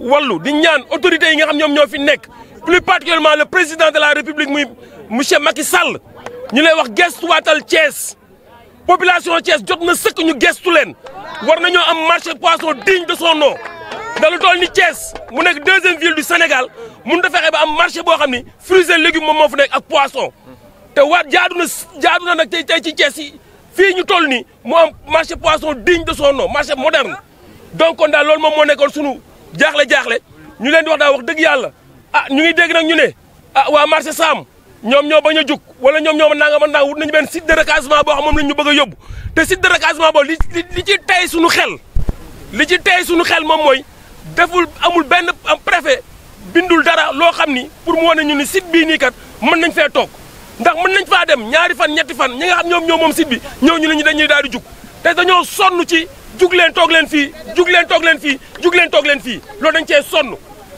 wallu di ñaan autorité yi nga xam ñom ñoo fi plus particulièrement le président de la république muy monsieur Macky Sall ñu lay wax watal Thiès population Thiès jot na sëkk ñu gestu leen war nañoo am marché poisson digne de son nom da lu toll ni Thiès mu nek deuxième ville du Sénégal mu nda fexé ba am marché bo xamni fruits et légumes moom moo fi ak poisson te waa jaaduna jaaduna nak na nag ci Thiès yi fi ñu toll ni mo am marché poisson digne de son nom marché moderne donc kon daal loolu moom moo nekkoon sunu jaxlé jaxlé ñu leen di wax da wax deug yalla ah ñu ngi dégg nak ñu né ah wa marché sam ñom ñoo baña juk wala ñom ñoo ma nanga ma nang wut nañu ben site de recasement bo xam moom lañ bëgg yobbu té site de recasement bo li ci tay suñu xel li ci tay suñu xel mom moy deful amul ben am préfet bindul dara lo xamni pour mo wane ñu ni site bi ni kat mën nañ fee tok ndax mën nañ fa dem ñaari fan ñetti fan ñi nga xam ñom ñoo mom site bi ñoo ñu lañu dañuy daal di juk té dañoo sonu ci jug leen toog leen fii jug len toog leen fii jug leen toog leen fii loolu dañ cee son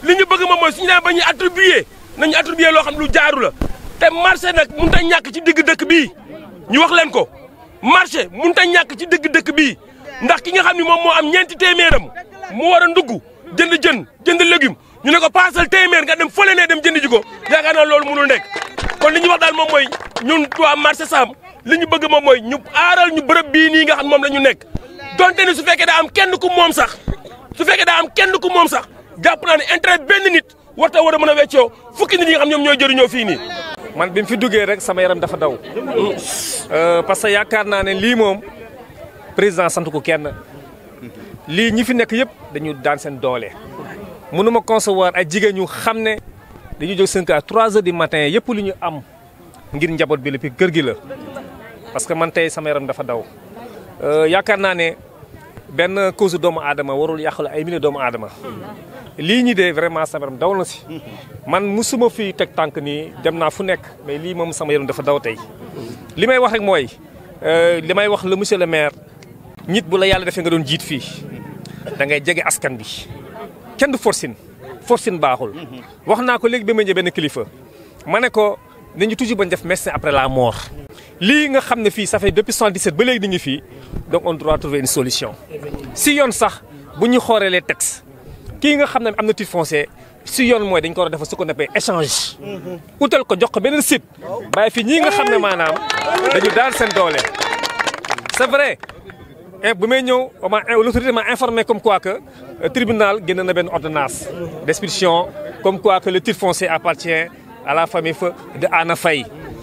li ñu bëgg moom mooy suñu daan ba attribuer nañu attribuer lo xam lu jaaru la te marché nak mënut ta ñak ci digg dëkk bi ñu wax len ko marché mënut ta ñak ci digg dëkk bi ndax ki nga xam ni moom moo am ñeenti téeméeram mu war a ndugg jënd jën jënd légume ñu ne ko passal téeméer nga dem fële ne dem jënd ji ko yaakaar naa loolu mënul nekk kon li ñu wax daal moom mooy ñun waa marché Sam li ñu bëgg moom mooy ñu aaral ñu bërëb bii nii nga xam moom la ñu nekk donte ni su fekkee daa am kenn ku moom sax su fekkee daa am kenn ku moom sax jàpp naa ne intérêt benn nit warta war a mën a weccoo fukki nit yi nga xam ñoom ñooy jëriñoo fii nii. man bi mu fi duggee rek sama yaram dafa daw. Euh, parce que yaakaar naa ne lii moom président sant ko kenn. lii ñi fi nekk yëpp dañu daan seen doole. mënuma concevoir ay jigéen ñu xam ne dañu jóg seen kër à heures du matin yëpp lu ñu am ngir njaboot bi la kër gi la parce que man tey sama yaram dafa daw euh, yaakaar naa benn cause doomu aadama warul yàqal ay milliers doomu aadama lii ñi de vraiment sama yaram daw na si man mu musuma fi teg tànk nii dem naa fu nekk mais lii moom sama yaram dafa daw tey li may wax rek mooy euh, li may wax la monsieur le maire nit bu la yàlla defee nga doon jiit fii dangay ngay jege askan bi kenn du forcine forcine baaxul wax naa ko léegi ba ma ñëw benn kilifa ma ne ko nañu toujours bañ def médecin après la mort Li nga xamné fi ça fait depuis 77 ba légui ni ngi donc on doit trouver une solution si yone sax buñu xoré les textes kii nga xamné amna titre foncier si yone moy dañ ko war def su ko échange Outel ko jox ko benen site bay fi ñi nga xamné manam dañu daal sen doolé. c'est vrai eh, bu may ñëw ma l'autorité m'a informé comme quoi que euh, tribunal génn na benn ordonnance d'expulsion comme quoi que le titre foncier appartient à la famille de Ana Faye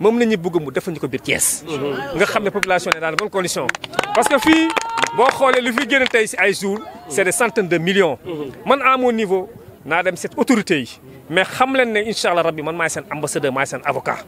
moom la ñuy bëgg mu defuñu ko bir ties nga xam population est dans de bonnes conditions. parce que fi bo xolé lu fi génn tay ci ay jours. c'est des centaines de millions. man à mon niveau na dem cette autorité mais xam leen ne incha rabbi man maay sen ambassadeur maay sen avocat.